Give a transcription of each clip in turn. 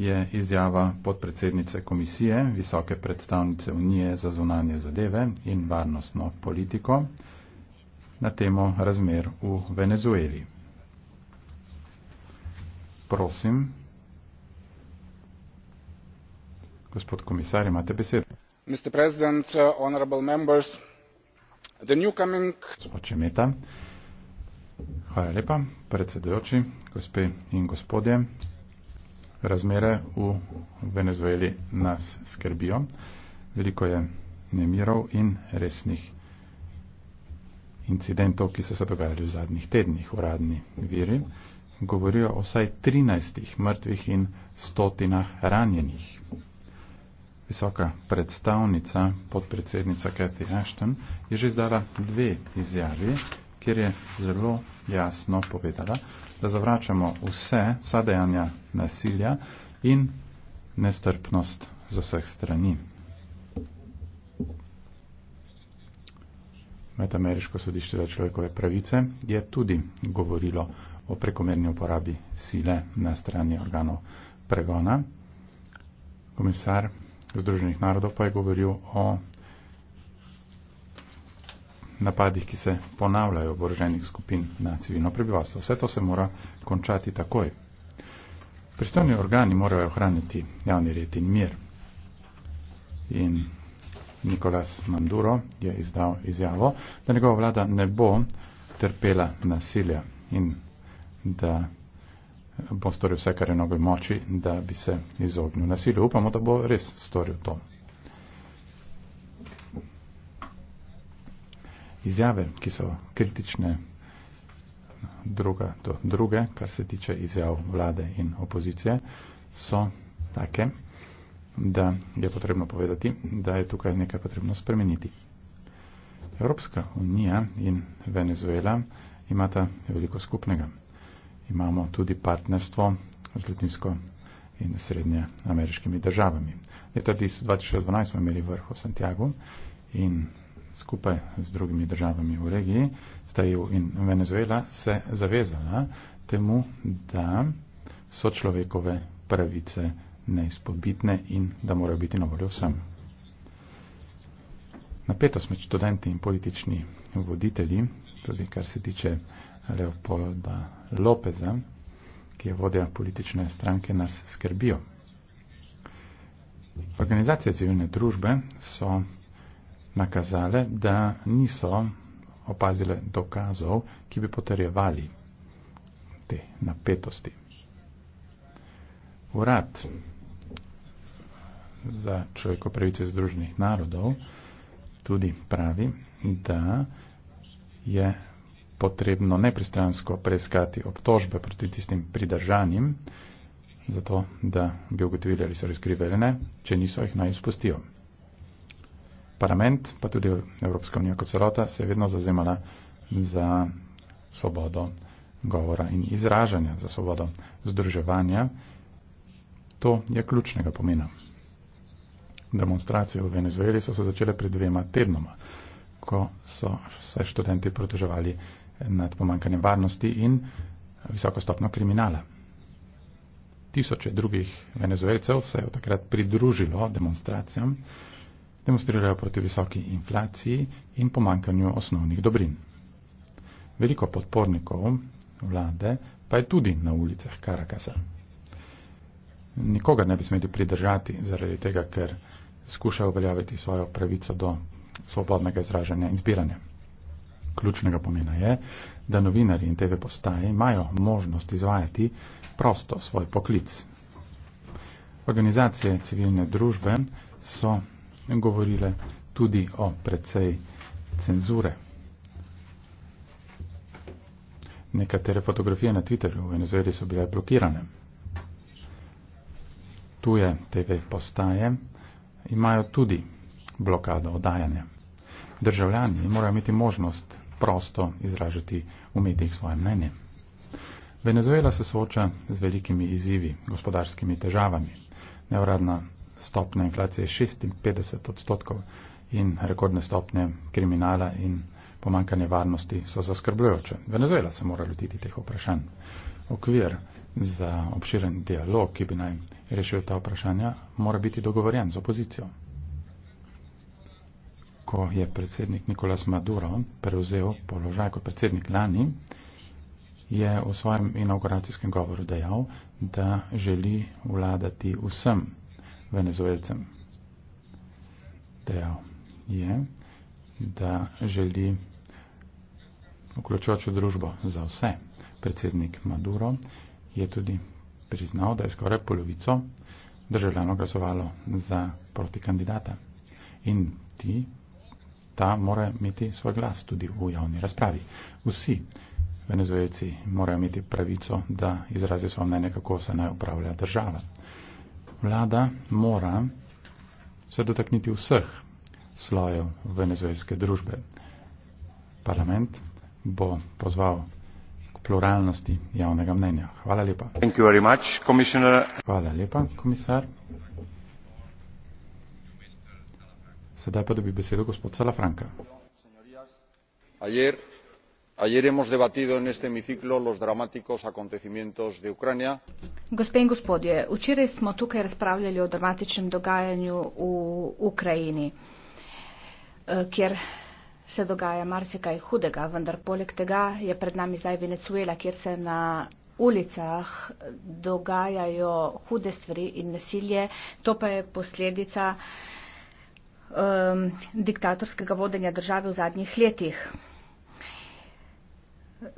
je izjava podpredsednice komisije, visoke predstavnice Unije za zunanje zadeve in varnostno politiko na temo razmer v Venezueli. Prosim, gospod komisar, imate besedo. Mr. President, uh, honorable members, the new coming... Hvala lepa, predsedujoči, gospe in gospodje razmere v Venezueli nas skrbijo. Veliko je nemirov in resnih incidentov, ki so se dogajali v zadnjih tednih. Uradni viri govorijo o vsaj 13 mrtvih in stotinah ranjenih. Visoka predstavnica, podpredsednica Kathy Ashton, je že izdala dve izjavi, kjer je zelo jasno povedala, da zavračamo vse, vsa dejanja nasilja in nestrpnost z vseh strani. Metameriško sodišče za človekove pravice je tudi govorilo o prekomerni uporabi sile na strani organov pregona. Komisar Združenih narodov pa je govoril o napadih, ki se ponavljajo oboroženih skupin na civilno prebivalstvo. Vse to se mora končati takoj. Pristojni organi morajo ohraniti javni red in mir. In Nikolas Manduro je izdal izjavo, da njegova vlada ne bo trpela nasilja in da bo storil vse, kar je nogoj moči, da bi se izognil nasilju. Upamo, da bo res storil to. izjave, ki so kritične druga do druge, kar se tiče izjav vlade in opozicije, so take, da je potrebno povedati, da je tukaj nekaj potrebno spremeniti. Evropska unija in Venezuela imata veliko skupnega. Imamo tudi partnerstvo z Latinsko in srednje ameriškimi državami. Leta 2012 smo imeli vrh v Santiago in skupaj z drugimi državami v regiji, sta EU in Venezuela se zavezala temu, da so človekove pravice neizpodbitne in da morajo biti na voljo vsem. Napetost med študenti in politični voditelji, tudi kar se tiče Leopolda Lopeza, ki je vodja politične stranke, nas skrbijo. Organizacije civilne družbe so nakazale, da niso opazile dokazov, ki bi potrjevali te napetosti. Urad za človeko pravice združenih narodov tudi pravi, da je potrebno nepristransko preiskati obtožbe proti tistim pridržanim, zato da bi ugotovili, ali so res krive ali ne, če niso jih naj izpustili parlament, pa tudi Evropska unija kot celota, se je vedno zazemala za svobodo govora in izražanja, za svobodo združevanja. To je ključnega pomena. Demonstracije v Venezueli so se začele pred dvema tednoma, ko so se študenti protežovali nad pomankanjem varnosti in visoko stopno kriminala. Tisoče drugih venezuelcev se je od takrat pridružilo demonstracijam demonstrirajo proti visoki inflaciji in pomankanju osnovnih dobrin. Veliko podpornikov vlade pa je tudi na ulicah Karakasa. Nikoga ne bi smeli pridržati zaradi tega, ker skušajo uveljaviti svojo pravico do svobodnega izražanja in zbiranja. Ključnega pomena je, da novinari in TV postaje imajo možnost izvajati prosto svoj poklic. Organizacije civilne družbe so govorile tudi o precej cenzure. Nekatere fotografije na Twitterju v Venezueli so bile blokirane. Tuje TV postaje imajo tudi blokado oddajanja. Državljani morajo imeti možnost prosto izražati v medijih svoje mnenje. Venezuela se sooča z velikimi izzivi, gospodarskimi težavami. Neuradna stopnja inflacije 56 odstotkov in rekordne stopnje kriminala in pomankanje varnosti so zaskrbljujoče. Venezuela se mora lotiti teh vprašanj. Okvir za obširen dialog, ki bi naj rešil ta vprašanja, mora biti dogovorjen z opozicijo. Ko je predsednik Nikolas Maduro prevzel položaj kot predsednik lani, je v svojem inauguracijskem govoru dejal, da želi vladati vsem venezuelcem dejal, je, da želi vključujočo družbo za vse. Predsednik Maduro je tudi priznal, da je skoraj polovico državljanov glasovalo za protikandidata. In ti, ta mora imeti svoj glas tudi v javni razpravi. Vsi venezuelci morajo imeti pravico, da izrazi svoje mnenje, kako se naj upravlja država. Vlada mora se dotakniti vseh slojev venezuelske družbe. Parlament bo pozval k pluralnosti javnega mnenja. Hvala lepa. Thank you very much, Hvala lepa, komisar. Sedaj pa dobi besedo gospod Salafranka. Ayer, ayer hemos debatido en este hemiciclo los dramáticos acontecimientos de ucrania gospe in gospodje včeraj smo tukaj razpravljali o dramatičnem dogajanju v ukrajini eh, kjer se dogaja marsikaj hudega vendar poleg tega je pred nami zdaj venezuela kjer se na ulicah dogajajo hude stvari in nasilje to pa je posledica um, diktatorskega vodenja države v zadnjih letih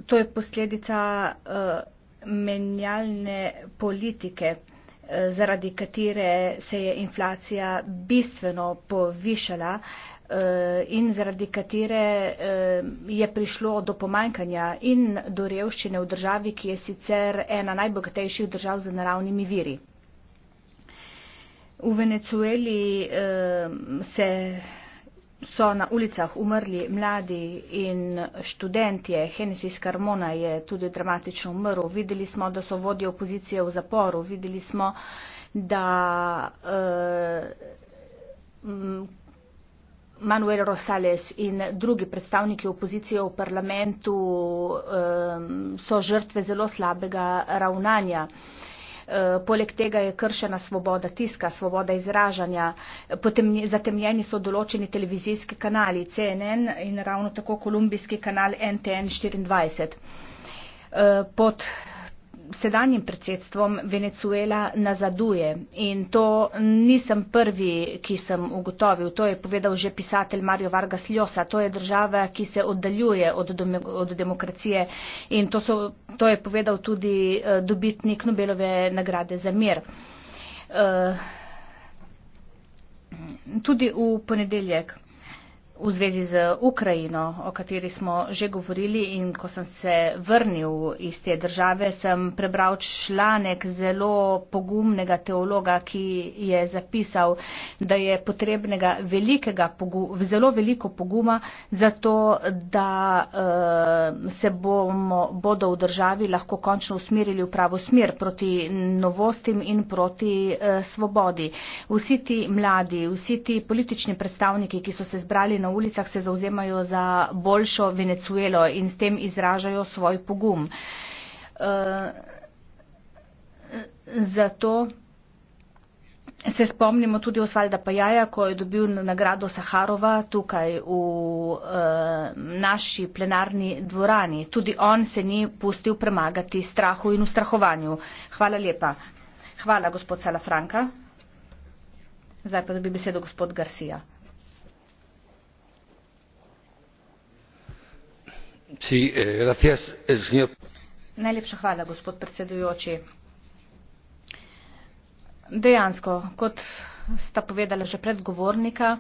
To je posledica uh, menjalne politike, uh, zaradi katere se je inflacija bistveno povišala uh, in zaradi katere uh, je prišlo do pomankanja in do revščine v državi, ki je sicer ena najbogatejših držav z naravnimi viri. V Venecueli uh, se so na ulicah umrli mladi in študentje. Henesis Carmona je tudi dramatično umrl. Videli smo, da so vodje opozicije v zaporu. Videli smo, da uh, Manuel Rosales in drugi predstavniki opozicije v parlamentu um, so žrtve zelo slabega ravnanja. Uh, Eh, poleg tega je kršena svoboda tiska, svoboda izražanja, zatemljeni so določeni televizijski kanali CNN in ravno tako kolumbijski kanal NTN 24. Eh, pod sedanjim predsedstvom Venezuela nazaduje. In to nisem prvi, ki sem ugotovil. To je povedal že pisatelj Mario Vargas Ljosa. To je država, ki se oddaljuje od, dom- od demokracije. In to, so, to je povedal tudi eh, dobitnik Nobelove nagrade za mir. Uh, tudi v ponedeljek v zvezi z Ukrajino, o kateri smo že govorili in ko sem se vrnil iz te države, sem prebral članek zelo pogumnega teologa, ki je zapisal, da je potrebnega pogu, zelo veliko poguma za to, da uh, se bomo, bodo v državi lahko končno usmerili v pravo smer proti novostim in proti uh, svobodi. Vsi ti mladi, vsi ti politični predstavniki, ki so se zbrali na ulicah se zauzemajo za boljšo Venezuelo in s tem izražajo svoj pogum. Eh, zato se spomnimo tudi Osvalda Pajaja, ko je dobil nagrado Saharova tukaj v eh, naši plenarni dvorani. Tudi on se ni pustil premagati strahu in ustrahovanju. Hvala lepa. Hvala, gospod Salafranka. Zdaj pa dobi besedo gospod Garcia. Eh, dejansko kot sta povedala že predgovornika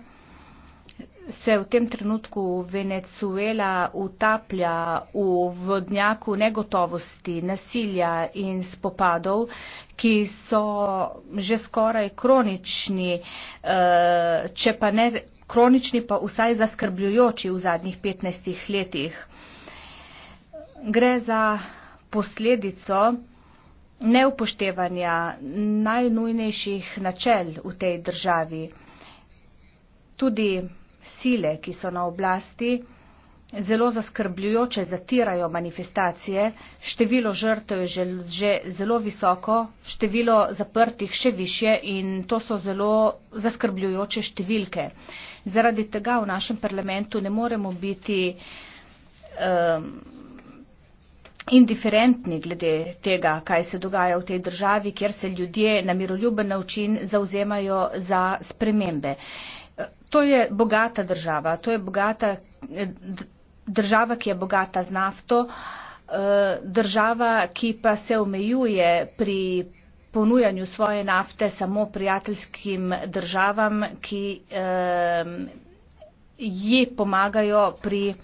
se v tem trenutku venezuela utaplja v vodnjaku negotovosti nasilja in spopadov ki so že skoraj kronični eh, če pa ne kronični pa vsaj zaskrbljujoči v zadnjih petnajst letih gre za posledico neupoštevanja najnujnejših načel v tej državi. Tudi sile, ki so na oblasti, zelo zaskrbljujoče zatirajo manifestacije, število žrtev je že, že zelo visoko, število zaprtih še više in to so zelo zaskrbljujoče številke. Zaradi tega v našem parlamentu ne moremo biti um, indiferentni glede tega, kaj se dogaja v tej državi, kjer se ljudje na miroljuben način zauzemajo za spremembe. Eh, to je bogata država, to je bogata eh, država, ki je bogata z nafto, eh, država, ki pa se omejuje pri ponujanju svoje nafte samo prijateljskim državam, ki eh, ji pomagajo pri eh,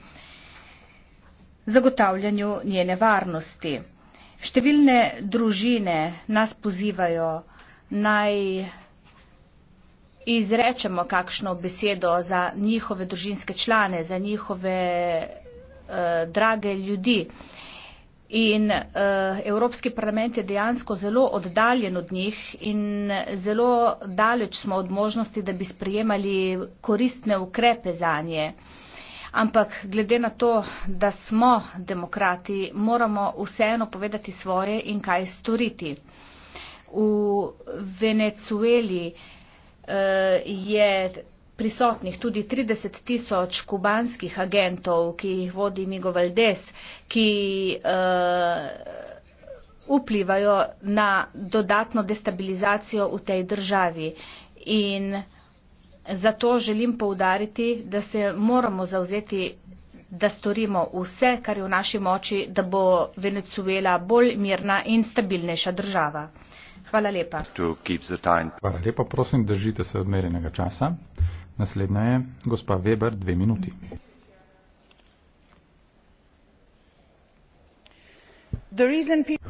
zagotavljanju njene varnosti. Številne družine nas pozivajo naj izrečemo kakšno besedo za njihove družinske člane, za njihove eh, drage ljudi. In eh, Evropski parlament je dejansko zelo oddaljen od njih in zelo daleč smo od možnosti, da bi sprejemali koristne ukrepe za njih ampak glede na to, da smo demokrati, moramo vseeno povedati svoje in kaj storiti. V Venecueli eh, je prisotnih tudi 30 tisoč kubanskih agentov, ki jih vodi Migo Valdes, ki eh, vplivajo na dodatno destabilizacijo v tej državi. In Zato želim poudariti, da se moramo zauzeti, da storimo vse, kar je v naši moči, da bo Venezuela bolj mirna in stabilnejša država. Hvala lepa. Hvala lepa, prosim, držite se odmerjenega časa. Naslednja je gospa Weber, dve minuti.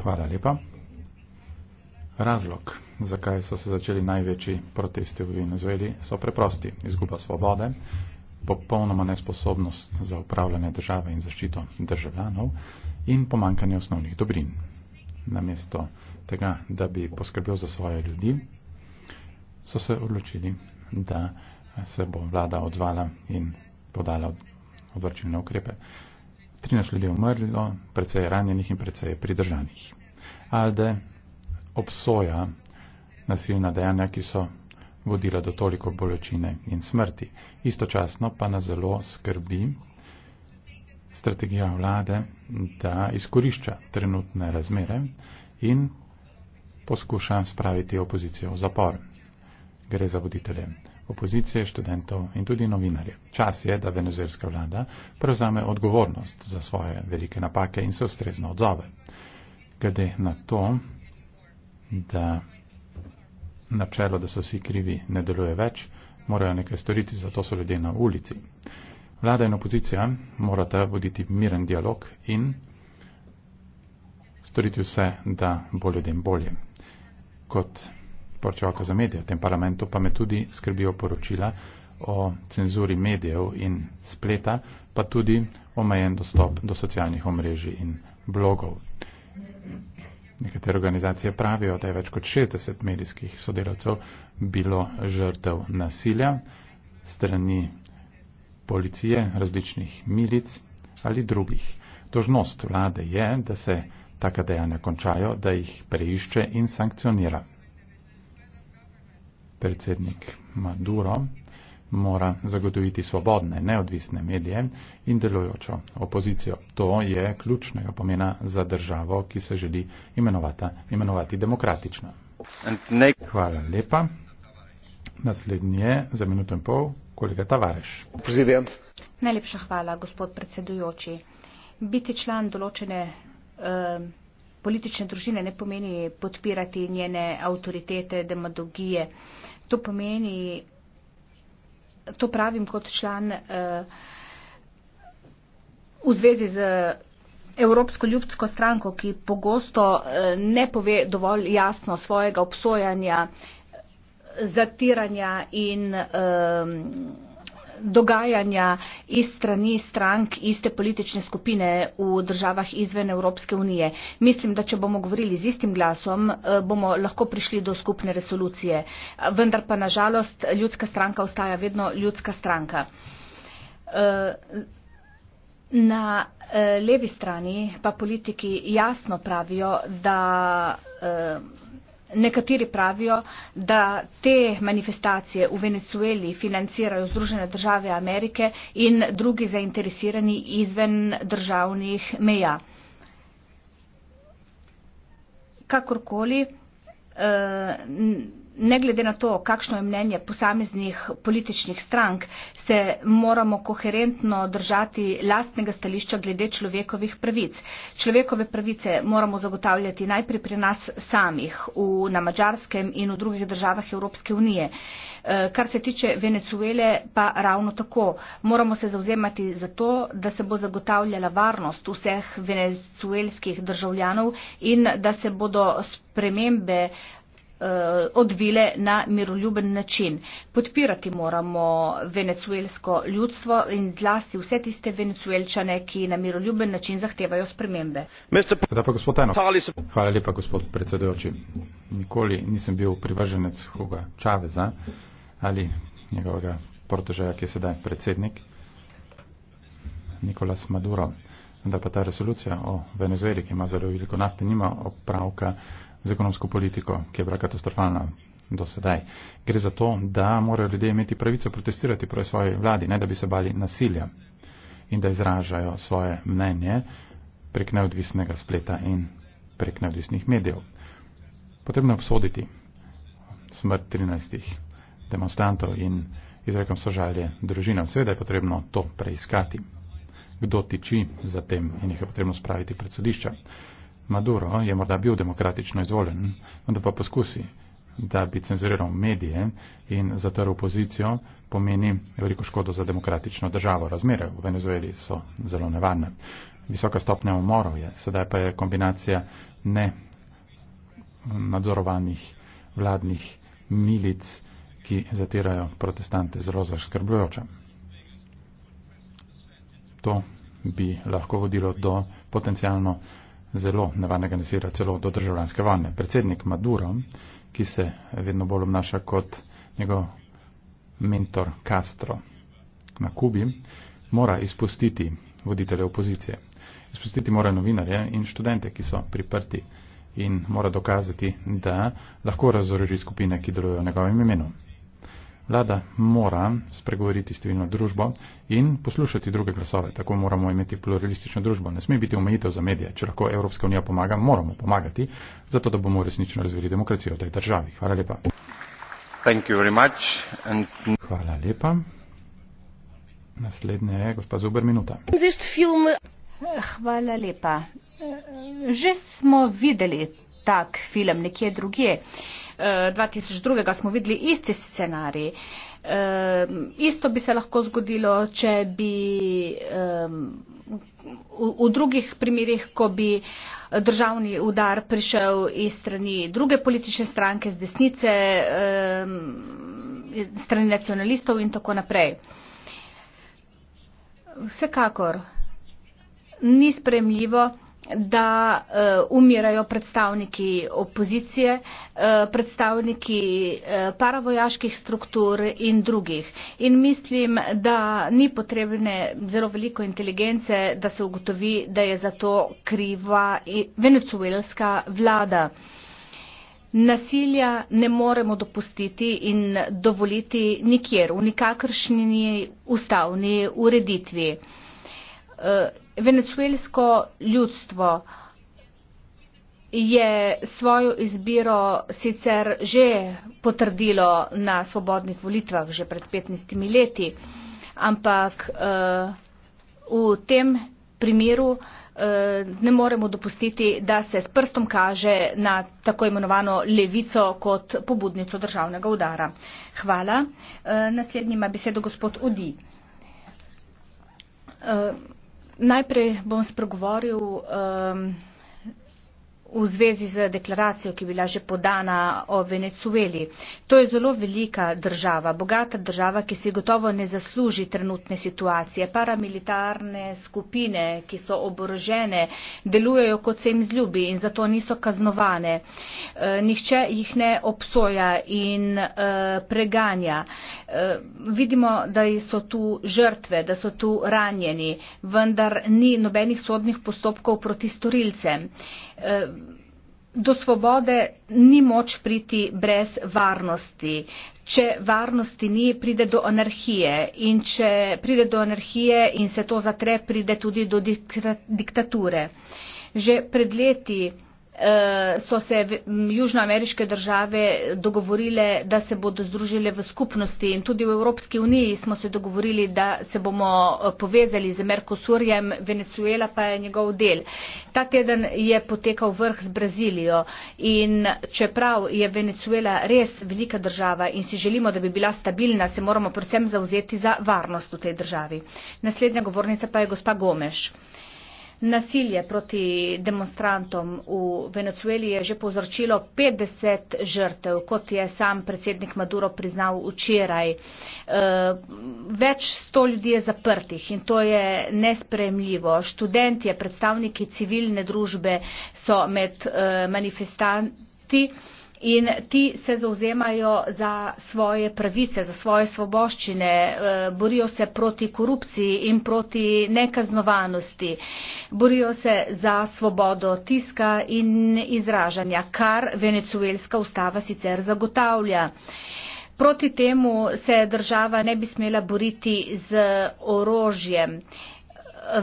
Hvala lepa. Razlog, zakaj so se začeli največji protesti v Venezueli, so preprosti. Izguba svobode, popolnoma nesposobnost za upravljanje države in zaščito državljanov in pomankanje osnovnih dobrin. Namesto tega, da bi poskrbel za svoje ljudi, so se odločili, da se bo vlada odzvala in podala odvrčilne ukrepe. 13 ljudi je umrlo, precej ranjenih in precej pridržanih. Alde obsoja nasilna dejanja, ki so vodila do toliko bolečine in smrti. Istočasno pa nas zelo skrbi strategija vlade, da izkorišča trenutne razmere in poskuša spraviti opozicijo v zapor. Gre za voditelje opozicije, študentov in tudi novinarje. Čas je, da venezuelska vlada prevzame odgovornost za svoje velike napake in se ustrezno odzove. Glede na to, da načelo, da so vsi krivi, ne deluje več, morajo nekaj storiti, zato so ljudje na ulici. Vlada in opozicija morata voditi miren dialog in storiti vse, da bo ljudem bolje. Kot poročevalka za medije v tem parlamentu pa me tudi skrbijo poročila o cenzuri medijev in spleta, pa tudi omejen dostop do socialnih omrežij in blogov. Nekatere organizacije pravijo, da je več kot 60 medijskih sodelavcev bilo žrtev nasilja strani policije, različnih milic ali drugih. Dožnost vlade je, da se taka dejanja končajo, da jih preišče in sankcionira. Predsednik Maduro mora zagotoviti svobodne, neodvisne medije in delujočo opozicijo. To je ključnega pomena za državo, ki se želi imenovati, imenovati demokratično. Hvala lepa. Naslednji je za minuto in pol kolega Tavareš. Prezident. Najlepša hvala, gospod predsedujoči. Biti član določene uh, politične družine ne pomeni podpirati njene avtoritete, demagogije. To pomeni to pravim kot član eh, v zvezi z Evropsko ljubsko stranko, ki pogosto eh, ne pove dovolj jasno svojega obsojanja, zatiranja in um, dogajanja iz strani strank iste politične skupine v državah izven Evropske unije. Mislim, da če bomo govorili z istim glasom, eh, bomo lahko prišli do skupne resolucije. Vendar pa nažalost ljudska stranka ostaja vedno ljudska stranka. Eh, na eh, levi strani pa politiki jasno pravijo, da Nekateri pravijo, da te manifestacije v Venezueli financirajo Združene države Amerike in drugi zainteresirani izven državnih meja. Kakorkoli, eh, ne glede na to, kakšno je mnenje posameznih političnih strank, se moramo koherentno držati lastnega stališča glede človekovih pravic. Človekove pravice moramo zagotavljati najprej pri nas samih, v, na mačarskem in v drugih državah Evropske unije. E, kar se tiče Venezuele, pa ravno tako. Moramo se zauzemati za to, da se bo zagotavljala varnost vseh venezuelskih državljanov in da se bodo spremembe Eh, odvile na miroljuben način. Podpirati moramo venecuelsko ljudstvo in zlasti vse tiste venecuelčane, ki na miroljuben način zahtevajo spremembe. Hvala lepa, gospod predsedujoči. Nikoli nisem bil privrženec Huga Čaveza ali njegovega protežaja, ki je sedaj predsednik Nikolas Maduro. Da pa ta resolucija o Venezueli, ki ima zelo veliko nafte, nima opravka z ekonomsko politiko, ki je bila katastrofalna do sedaj. Gre za to, da morajo ljudje imeti pravico protestirati proti svoji vladi, ne da bi se bali nasilja in da izražajo svoje mnenje prek neodvisnega spleta in prek neodvisnih medijev. Potrebno je obsoditi smrt 13 demonstrantov in izrekam sožalje družinam. Seveda je potrebno to preiskati, kdo tiči za tem in jih je potrebno spraviti pred sodišča. Maduro je morda bil demokratično izvoljen, vendar pa poskusi, da bi cenzuriral medije in zatrl opozicijo, pomeni veliko škodo za demokratično državo. Razmere v Venezueli so zelo nevarne. Visoka stopnja umorov je, sedaj pa je kombinacija ne nadzorovanih vladnih milic, ki zatirajo protestante zelo zaskrbljujoča. To bi lahko vodilo do potencijalno zelo nevarne organizira celo do državljanske vojne. Predsednik Maduro, ki se vedno bolj obnaša kot njegov mentor Castro na Kubi, mora izpustiti voditelje opozicije. Izpustiti mora novinarje in študente, ki so priprti in mora dokazati, da lahko razoroži skupine, ki delujejo v njegovem imenu. Vlada mora spregovoriti s civilno družbo in poslušati druge glasove. Tako moramo imeti pluralistično družbo. Ne sme biti omejitev za medije. Če lahko Evropska unija pomaga, moramo pomagati, zato da bomo resnično razvili demokracijo v tej državi. Hvala lepa. Hvala lepa. Naslednja je gospa Zuber Minuta. Hvala lepa. Že smo videli tak film nekje drugje. 2002. smo videli isti scenarij. Ehm, isto bi se lahko zgodilo, če bi ehm, v drugih primerih, ko bi državni udar prišel iz strani druge politične stranke, z desnice, ehm, strani nacionalistov in tako naprej. Vsekakor ni spremljivo da uh, umirajo predstavniki opozicije, uh, predstavniki uh, paravojaških struktur in drugih. In mislim, da ni potrebne zelo veliko inteligence, da se ugotovi, da je za to kriva venezuelska vlada. Nasilja ne moremo dopustiti in dovoliti nikjer, v nikakršni ustavni ureditvi. Uh, venezuelsko ljudstvo je svojo izbiro sicer že potrdilo na svobodnih volitvah že pred 15 leti, ampak uh, v tem primeru uh, ne moremo dopustiti, da se s prstom kaže na tako imenovano levico kot pobudnico državnega udara. Hvala. Uh, naslednji ima besedo gospod Udi. Uh, Najprej bom spregovoril um, v zvezi z deklaracijo, ki je bila že podana o Venecueli. To je zelo velika država, bogata država, ki si gotovo ne zasluži trenutne situacije. Paramilitarne skupine, ki so oborožene, delujejo kot se jim zljubi in zato niso kaznovane. E, nihče jih ne obsoja in e, preganja. E, vidimo, da so tu žrtve, da so tu ranjeni, vendar ni nobenih sodnih postopkov proti storilcem do svobode ni moč priti brez varnosti. Če varnosti ni, pride do anarhije in če pride do anarhije in se to zatre, pride tudi do diktature. Že pred leti Eh, so se južnoameriške države dogovorile, da se bodo združile v skupnosti in tudi v Evropski uniji smo se dogovorili, da se bomo eh, povezali z Merkosurjem, Venezuela pa je njegov del. Ta teden je potekal vrh z Brazilijo in čeprav je Venezuela res velika država in si želimo, da bi bila stabilna, se moramo predvsem zauzeti za varnost v tej državi. Naslednja govornica pa je gospa Gomeš. Nasilje proti demonstrantom v Venezueli je že povzročilo 50 žrtev, kot je sam predsednik Maduro priznal včeraj. Eh, več sto ljudi je zaprtih in to je nespremljivo. Študentje, predstavniki civilne družbe so med eh, manifestanti in ti se zauzemajo za svoje pravice, za svoje svoboščine, eh, borijo se proti korupciji in proti nekaznovanosti, borijo se za svobodo tiska in izražanja, kar venecuelska ustava sicer zagotavlja. Proti temu se država ne bi smela boriti z orožjem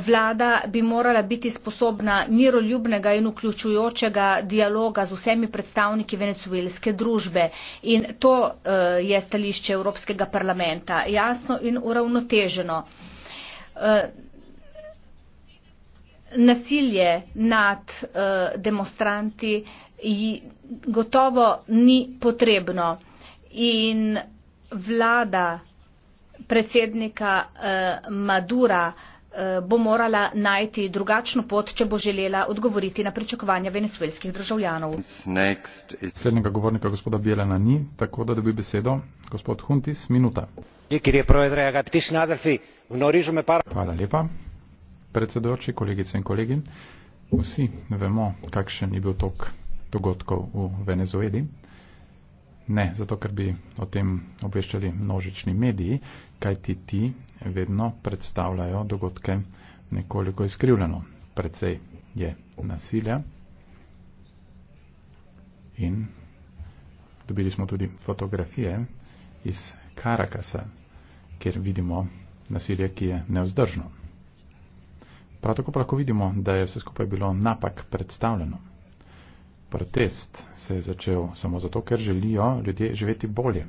vlada bi morala biti sposobna miroljubnega in vključujočega dialoga z vsemi predstavniki venezuelske družbe. In to eh, je stališče Evropskega parlamenta. Jasno in uravnoteženo. Eh, nasilje nad eh, demonstranti gotovo ni potrebno. In vlada predsednika Madura Eh, bo morala najti drugačno pot, če bo želela odgovoriti na pričakovanja venezuelskih državljanov. Slednjega govornika gospoda Bjelena ni, tako da dobi besedo gospod Huntis, minuta. Hvala lepa, predsedujoči, kolegice in kolegi. Vsi vemo, kakšen je bil tok dogodkov v Venezueli. Ne, zato ker bi o tem obveščali množični mediji, kajti ti vedno predstavljajo dogodke nekoliko izkrivljeno. Predvsej je nasilja in dobili smo tudi fotografije iz Karakasa, kjer vidimo nasilje, ki je nevzdržno. Prav tako pa lahko vidimo, da je vse skupaj bilo napak predstavljeno protest se je začel samo zato, ker želijo ljudje živeti bolje.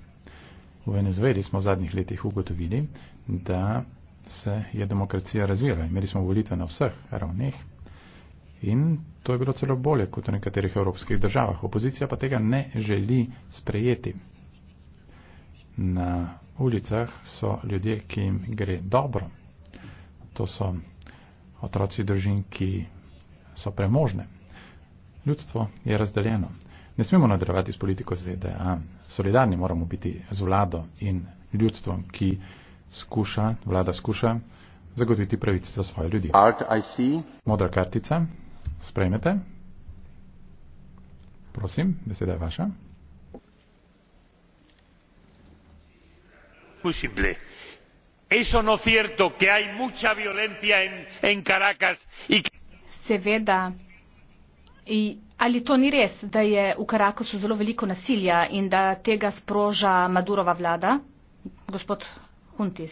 V Venezueli smo v zadnjih letih ugotovili, da se je demokracija razvijala. Imeli smo volitve na vseh ravneh in to je bilo celo bolje kot v nekaterih evropskih državah. Opozicija pa tega ne želi sprejeti. Na ulicah so ljudje, ki jim gre dobro. To so otroci družin, ki so premožne. Ljudstvo je razdeljeno. Ne smemo nadrevati s politiko ZDA. Solidarni moramo biti z vlado in ljudstvom, ki skuša, vlada skuša zagotoviti pravice za svoje ljudi. Modra kartica, sprejmete. Prosim, beseda je vaša. Posible. Eso no cierto, que hay mucha violencia en, en Caracas. Y... Seveda, Ali to ni res, da je v Karakosu zelo veliko nasilja in da tega sproža Madurova vlada, gospod Huntis?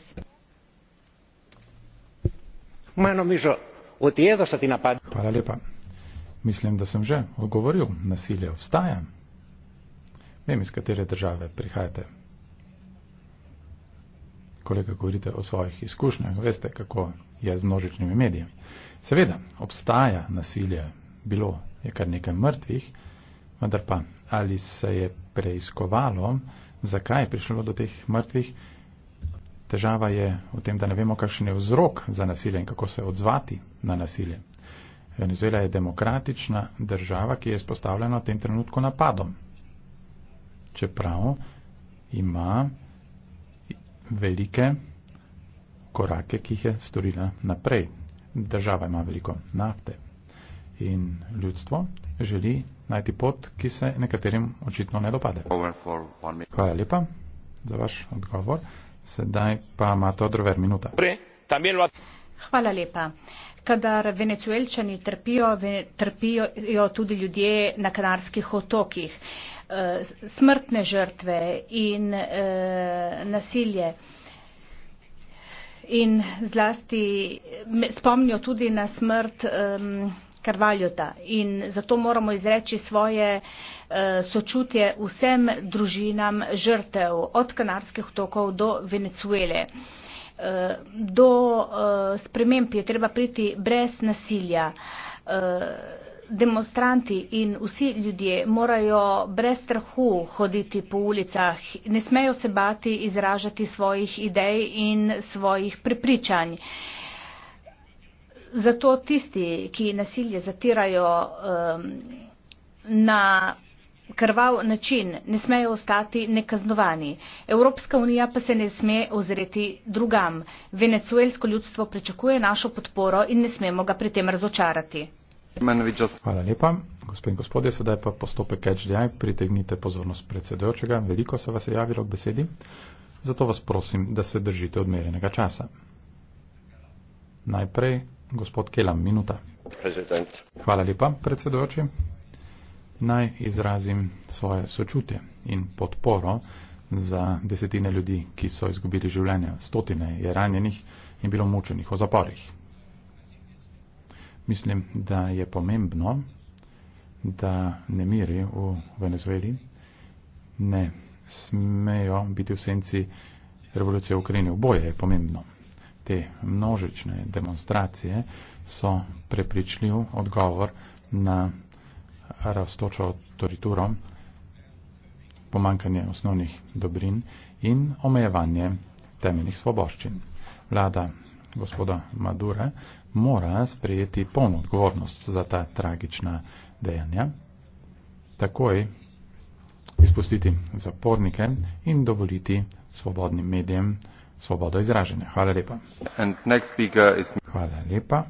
Hvala lepa. Mislim, da sem že odgovoril. Nasilje obstaja. Vem, iz katere države prihajate. Kolega, govorite o svojih izkušnjah, veste, kako je z množičnimi mediji. Seveda, obstaja nasilje bilo je kar nekaj mrtvih, vendar pa ali se je preiskovalo, zakaj je prišlo do teh mrtvih, težava je v tem, da ne vemo, kakšen je vzrok za nasilje in kako se odzvati na nasilje. Venezuela je demokratična država, ki je spostavljena v tem trenutku napadom. Čeprav ima velike korake, ki jih je storila naprej. Država ima veliko nafte in ljudstvo želi najti pot, ki se nekaterim očitno ne dopade. Hvala lepa za vaš odgovor. Sedaj pa imate odrover minuta. Hvala lepa. Kadar venecuelčani trpijo, trpijo tudi ljudje na kanarskih otokih. Eh, smrtne žrtve in eh, nasilje. In zlasti spomnijo tudi na smrt um, Karvaljota in zato moramo izreči svoje eh, sočutje vsem družinam žrtev od Kanarskih otokov do Venezuele. Eh, do eh, sprememb je treba priti brez nasilja. Demonstranti in vsi ljudje morajo brez strahu hoditi po ulicah, ne smejo se bati izražati svojih idej in svojih prepričanj zato tisti, ki nasilje zatirajo um, na krval način, ne smejo ostati nekaznovani. Evropska unija pa se ne sme ozreti drugam. Venezuelsko ljudstvo pričakuje našo podporo in ne smemo ga pri tem razočarati. Hvala lepa. Gospod in gospodje, sedaj pa postopek HDI. Pritegnite pozornost predsedojočega. Veliko se vas je javilo k besedi. Zato vas prosim, da se držite odmerjenega časa. Najprej Gospod Kelam, minuta. President. Hvala lepa, predsedujoči. Naj izrazim svoje sočutje in podporo za desetine ljudi, ki so izgubili življenje. Stotine je ranjenih in bilo mučenih v zaporih. Mislim, da je pomembno, da ne miri v Venezueli ne smejo biti v senci revolucije v Ukrajini. Oboje je pomembno te množične demonstracije so prepričljiv odgovor na rastočo torituro, pomankanje osnovnih dobrin in omejevanje temeljnih svoboščin. Vlada gospoda Madura mora sprejeti polno odgovornost za ta tragična dejanja, takoj izpustiti zapornike in dovoliti svobodnim medijem, svobodo izražanja. Hvala lepa. Is... Hvala lepa.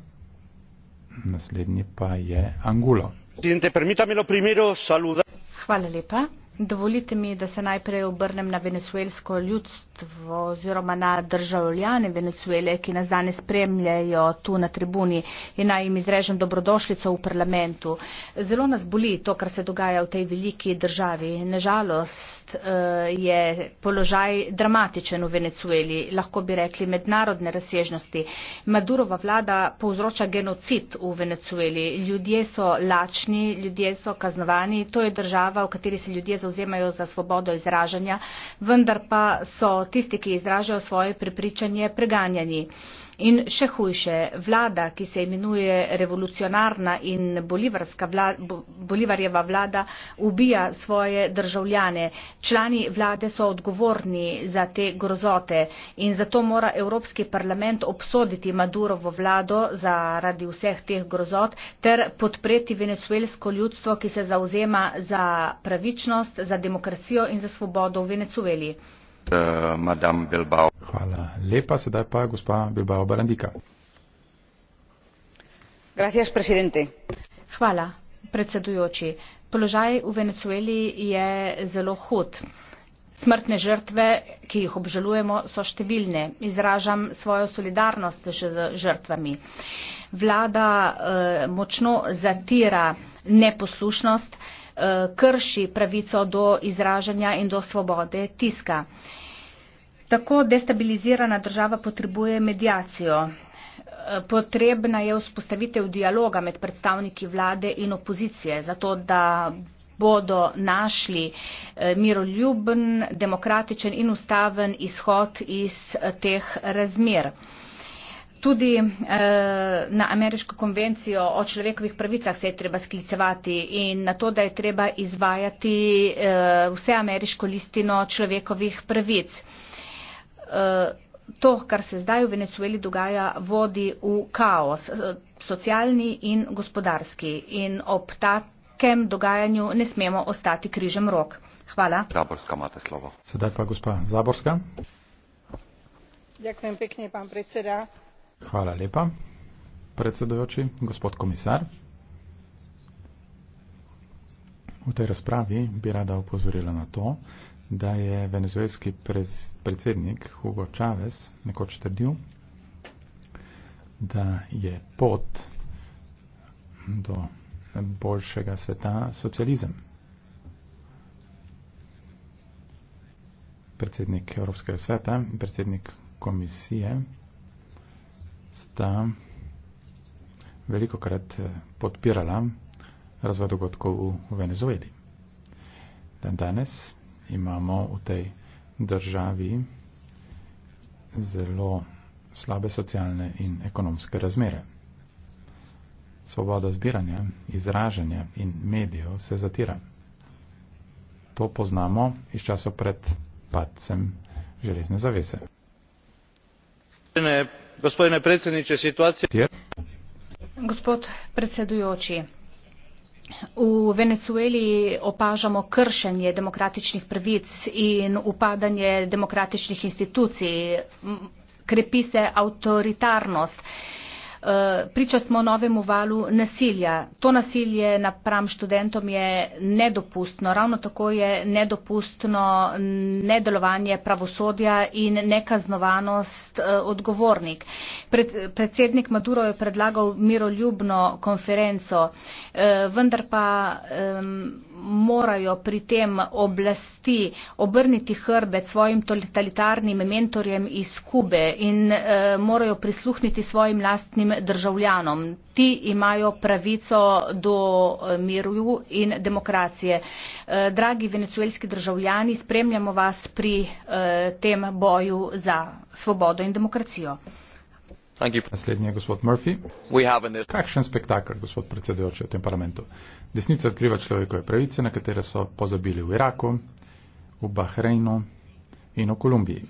Naslednji pa je Angulo. Hvala lepa. Dovolite mi, da se najprej obrnem na venezuelsko ljudstvo oziroma na državljane Venezuele, ki nas danes spremljajo tu na tribuni in naj jim izrežem dobrodošlico v parlamentu. Zelo nas boli to, kar se dogaja v tej veliki državi. Nažalost eh, je položaj dramatičen v Venezueli, lahko bi rekli mednarodne razsežnosti. Madurova vlada povzroča genocid v Venezueli. Ljudje so lačni, ljudje so kaznovani, to je država, v kateri se ljudje zavedajo zauzemajo za svobodo izražanja, vendar pa so tisti, ki izražajo svoje prepričanje, preganjani. In še hujše, vlada, ki se imenuje revolucionarna in vla, bolivarjeva vlada, ubija svoje državljane. Člani vlade so odgovorni za te grozote in zato mora Evropski parlament obsoditi Madurovo vlado zaradi vseh teh grozot ter podpreti venezuelsko ljudstvo, ki se zauzema za pravičnost, za demokracijo in za svobodo v Venezueli. Eh, madame Bilbao. Hvala lepa, sedaj pa gospa Bilbao Barandika. Gracias, presidente. Hvala, predsedujoči. Položaj v Venezueli je zelo hud. Smrtne žrtve, ki jih obžalujemo, so številne. Izražam svojo solidarnost z žrtvami. Vlada eh, močno zatira neposlušnost, eh, Eh, krši pravico do izražanja in do svobode tiska. Tako destabilizirana država potrebuje medijacijo. Eh, potrebna je vzpostavitev dialoga med predstavniki vlade in opozicije, zato da bodo našli eh, miroljuben, demokratičen in ustaven izhod iz teh razmer tudi eh, na ameriško konvencijo o človekovih pravicah se je treba sklicevati in na to, da je treba izvajati eh, vse ameriško listino človekovih pravic. Eh, to, kar se zdaj v Venecueli dogaja, vodi v kaos, eh, socialni in gospodarski. In ob takem dogajanju ne smemo ostati križem rok. Hvala. Zaborska, imate slovo. Sedaj pa gospa Zaborska. Ďakujem pekne, pán predseda. Hvala lepa, predsedujoči, gospod komisar. V tej razpravi bi rada upozorila na to, da je venezuelski predsednik Hugo Chavez nekoč trdil, da je pot do boljšega sveta socializem. Predsednik Evropskega sveta in predsednik komisije sta veliko krat eh, podpirala razvoj dogodkov v Venezueli. Dan danes imamo v tej državi zelo slabe socialne in ekonomske razmere. Svoboda zbiranja, izražanja in medijev se zatira. To poznamo iz časov pred padcem železne zavese gospodine predsjedniče situacija. gospod predsjedujoči v venezueli opažamo kršenje demokratičnih pravic in upadanje demokratičnih institucij krepi se avtoritarnost. Eh, priča smo novemu valu nasilja. To nasilje napram študentom je nedopustno. Ravno tako je nedopustno nedelovanje pravosodja in nekaznovanost eh, odgovornik. Pred, predsednik Maduro je predlagal miroljubno konferenco, eh, vendar pa. Um, morajo pri tem oblasti obrniti hrbet svojim totalitarnim mentorjem iz Kube in e, morajo prisluhniti svojim lastnim državljanom. Ti imajo pravico do eh, miru in demokracije. E, dragi venezuelski državljani, spremljamo vas pri e, tem boju za svobodo in demokracijo. Naslednji je gospod Murphy. Kakšen spektakl, gospod predsedujoči, v tem parlamentu. Desnica odkriva človekove pravice, na katere so pozabili v Iraku, v Bahreinu in v Kolumbiji.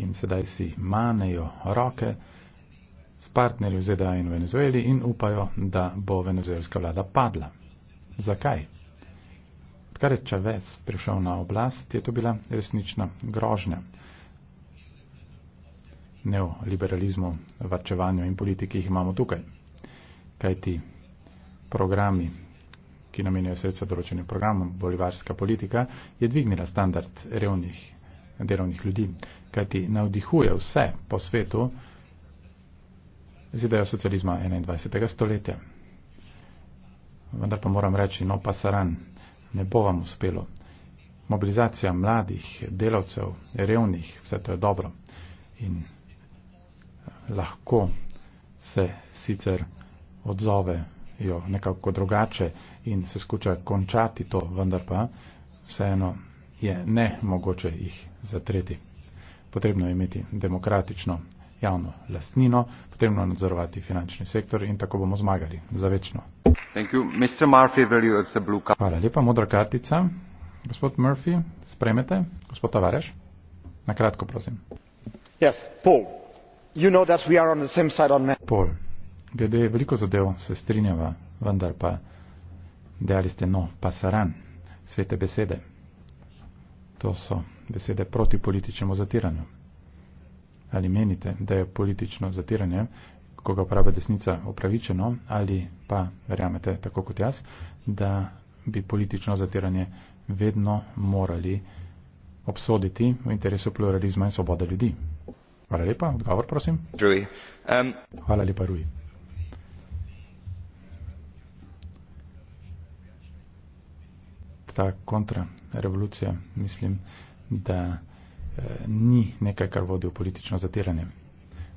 In sedaj si manejo roke s partnerji v ZDA in Venezueli in upajo, da bo venezuelska vlada padla. Zakaj? Odkar je Čavez prišel na oblast, je to bila resnična grožnja neoliberalizmu, varčevanju in politiki, ki jih imamo tukaj. Kaj ti programi, ki namenjajo sredstva določenim programom, bolivarska politika, je dvignila standard revnih delovnih ljudi, kaj ti navdihuje vse po svetu z idejo socializma 21. stoletja. Vendar pa moram reči, no pa saran, ne bo vam uspelo. Mobilizacija mladih, delavcev, revnih, vse to je dobro. In lahko se sicer odzovejo nekako drugače in se skuča končati to, vendar pa vseeno je ne mogoče jih zatreti. Potrebno je imeti demokratično javno lastnino, potrebno je nadzorovati finančni sektor in tako bomo zmagali za večno. Hvala lepa, modra kartica. Gospod Murphy, spremete? Gospod Tavares? Na kratko, prosim. Yes, Paul you know that we are on the same side on many. Pol, glede veliko zadev se strinjava, vendar pa dejali ste no pasaran, svete besede. To so besede proti političnemu zatiranju. Ali menite, da je politično zatiranje, ko ga uporablja desnica, upravičeno, ali pa verjamete, tako kot jaz, da bi politično zatiranje vedno morali obsoditi v interesu pluralizma in svobode ljudi? Hvala lepa. Odgovor, prosim. Rui. Um, Hvala lepa, Rui. Ta kontrarevolucija, mislim, da eh, ni nekaj, kar vodi v politično zatiranje.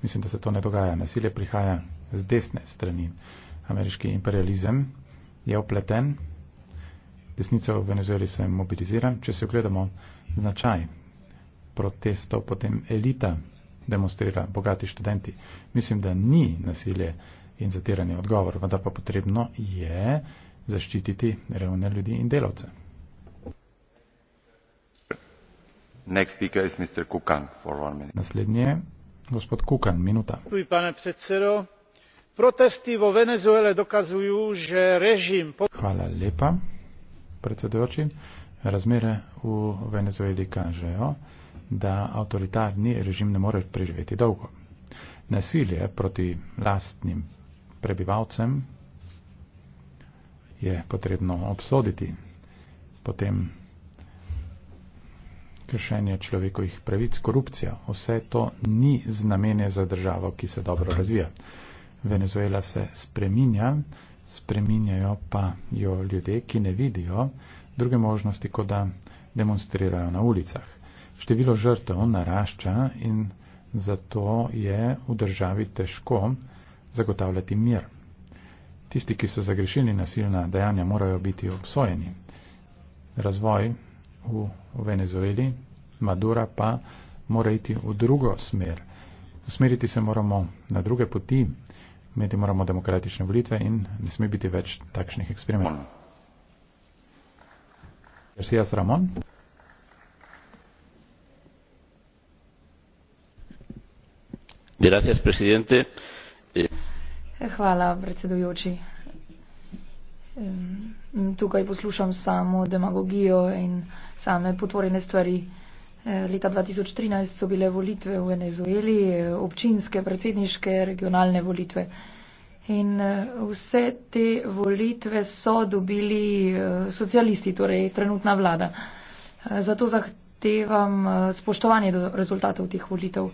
Mislim, da se to ne dogaja. Nasilje prihaja z desne strani. Ameriški imperializem je opleten, desnica v Venezueli se mobilizira. Če si ogledamo značaj protestov, potem elita demonstrira bogati študenti. Mislim, da ni nasilje in zatiranje odgovor, vendar pa potrebno je zaščititi revne ljudi in delavce. Naslednji je gospod Kukan, minuta. Protesti v Venezuele dokazujú, že režim... Hvala lepa, predsedujoči. Razmere v Venezueli kažejo, da avtoritarni režim ne more preživeti dolgo. Nasilje proti lastnim prebivalcem je potrebno obsoditi, potem kršenje človekovih pravic, korupcija, vse to ni znamenje za državo, ki se dobro razvija. Venezuela se spreminja, spreminjajo pa jo ljudje, ki ne vidijo druge možnosti, kot da demonstrirajo na ulicah število žrtev narašča in zato je v državi težko zagotavljati mir. Tisti, ki so zagrešili nasilna dejanja, morajo biti obsojeni. Razvoj v Venezueli, Madura pa mora iti v drugo smer. Usmeriti se moramo na druge poti, imeti moramo demokratične volitve in ne sme biti več takšnih eksperimentov. Gracias, Ramón. Eh, tukaj poslušam samo demagogijo in same potvorjene stvari. Eh, leta 2013 so bile volitve v Venezueli, eh, občinske, predsedniške, regionalne volitve. In vse te volitve so dobili socialisti, torej trenutna vlada. Zato zahtevam spoštovanje do rezultatov teh volitev.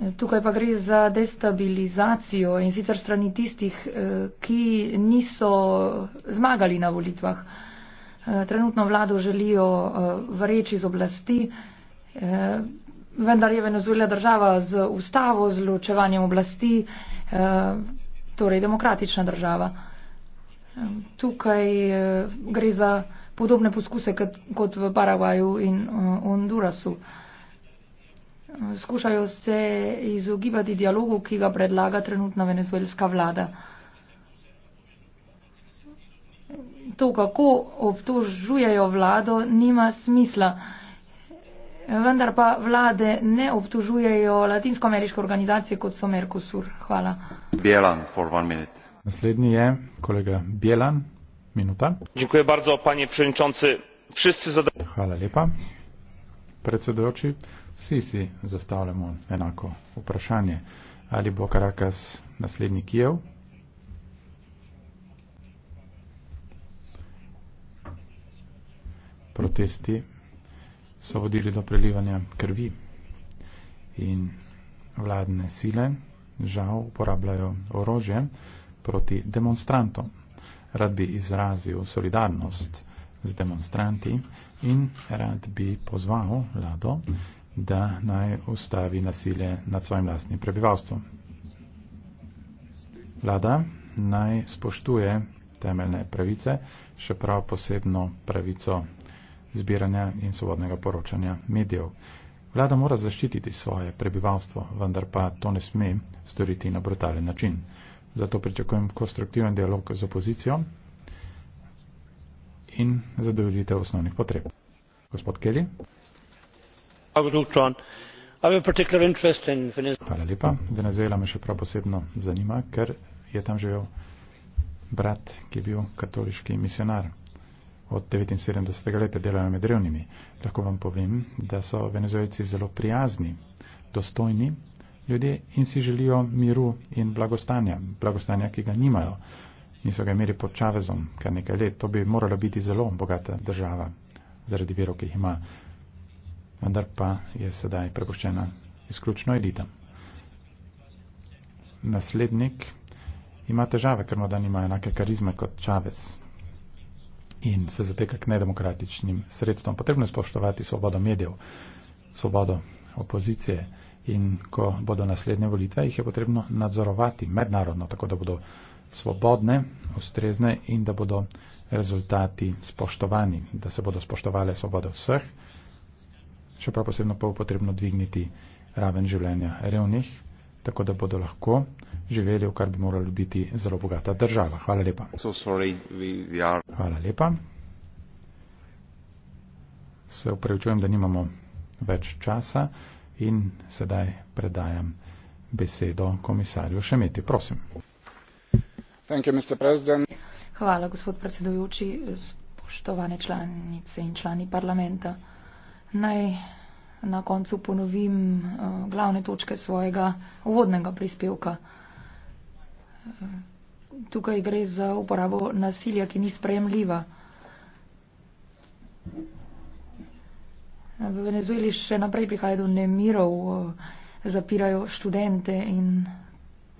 Tukaj pa gre za destabilizacijo in sicer strani tistih, eh, ki niso eh, zmagali na volitvah. Eh, trenutno vlado želijo vreči z oblasti, vendar je Venezuela država z ustavo, z ločevanjem oblasti, torej demokratična država. Tukaj gre za podobne poskuse kot v Paraguaju in Hondurasu. Uh, Skušajo se izogibati dialogu, ki ga predlaga trenutna venezuelska vlada. To, kako obtožujejo vlado, nima smisla. Vendar pa vlade ne obtožujejo latinsko-ameriške organizacije, kot so Mercosur. Hvala. Bielan, for one minute. Naslednji je kolega Bielan. Minuta. Dziękuję bardzo, panie przewodniczący. Wszyscy zadowoleni. Hvala lepa. Predsedujoči. Vsi si zastavljamo enako vprašanje, ali bo Karakas naslednji Kijev. Protesti so vodili do prelivanja krvi in vladne sile žal uporabljajo orožje proti demonstrantom. Rad bi izrazil solidarnost z demonstranti in rad bi pozval vlado, da naj ustavi nasilje nad svojim lastnim prebivalstvom. Vlada naj spoštuje temeljne pravice, še prav posebno pravico zbiranja in svobodnega poročanja medijev. Vlada mora zaščititi svoje prebivalstvo, vendar pa to ne sme storiti na brutalen način. Zato pričakujem konstruktiven dialog z opozicijo in zadovoljitev osnovnih potreb. Gospod Kelly hvala lepa venezuela me še prav posebno zanima ker je tam živel brat ki je bil katoliški misionar od 79. leta delajo med revnimi lahko vam povem da so venezuelci zelo prijazni dostojni ljudje in si želijo miru in blagostanja blagostanja ki ga nimajo niso ga imeli pod čavezom kar nekaj let to bi morala biti zelo bogata država zaradi virov ki jih ima vendar pa je sedaj prepuščena izključno elitam. Naslednik ima težave, ker morda nima enake karizme kot Čavez in se zateka k nedemokratičnim sredstvom. Potrebno je spoštovati svobodo medijev, svobodo opozicije in ko bodo naslednje volitve, jih je potrebno nadzorovati mednarodno, tako da bodo svobodne, ustrezne in da bodo rezultati spoštovani, da se bodo spoštovale svobode vseh še prav posebno pa bo potrebno dvigniti raven življenja revnih, tako da bodo lahko živeli v kar bi morali biti zelo bogata država. Hvala lepa. So sorry, we are... Hvala lepa. Se upravičujem, da nimamo več časa in sedaj predajam besedo komisarju Šemeti. Prosim. Thank you, Mr. President. Hvala, gospod predsedujoči, spoštovane članice in člani parlamenta. Naj na koncu ponovim eh, glavne točke svojega uvodnega prispevka. Eh, tukaj gre za uporabo nasilja, ki ni sprejemljiva. V Venezueli še naprej prihaja do nemirov, eh, zapirajo študente in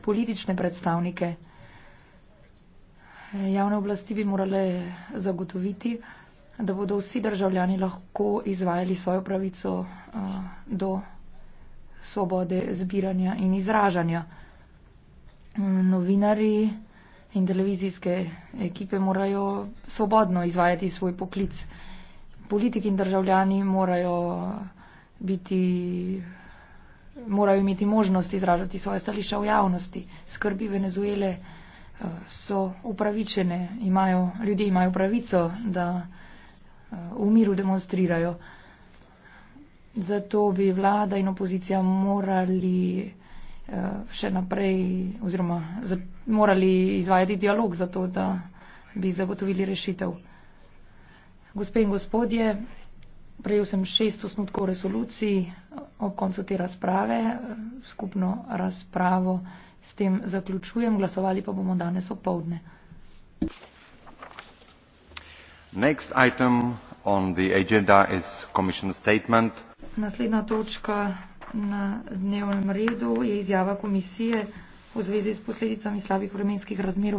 politične predstavnike. Javne oblasti bi morale zagotoviti, da bodo vsi državljani lahko izvajali svojo pravico uh, do svobode zbiranja in izražanja. Mm, Novinari in televizijske ekipe morajo svobodno izvajati svoj poklic. Politiki in državljani morajo, biti, morajo imeti možnost izražati svoje stališča v javnosti. Skrbi Venezuele eh, so upravičene, imajo, ljudje imajo pravico, da v miru demonstrirajo. Zato bi vlada in opozicija morali eh, še naprej oziroma morali izvajati dialog za to, da bi zagotovili rešitev. Gospe in gospodje, prejel sem šest osnutkov resolucij ob koncu te razprave. Skupno razpravo s tem zaključujem, glasovali pa bomo danes opovdne. thank you Naslednja točka na dnevnem redu je izjava komisije v zvezi s posledicami slabih vremenskih razmer v regiji.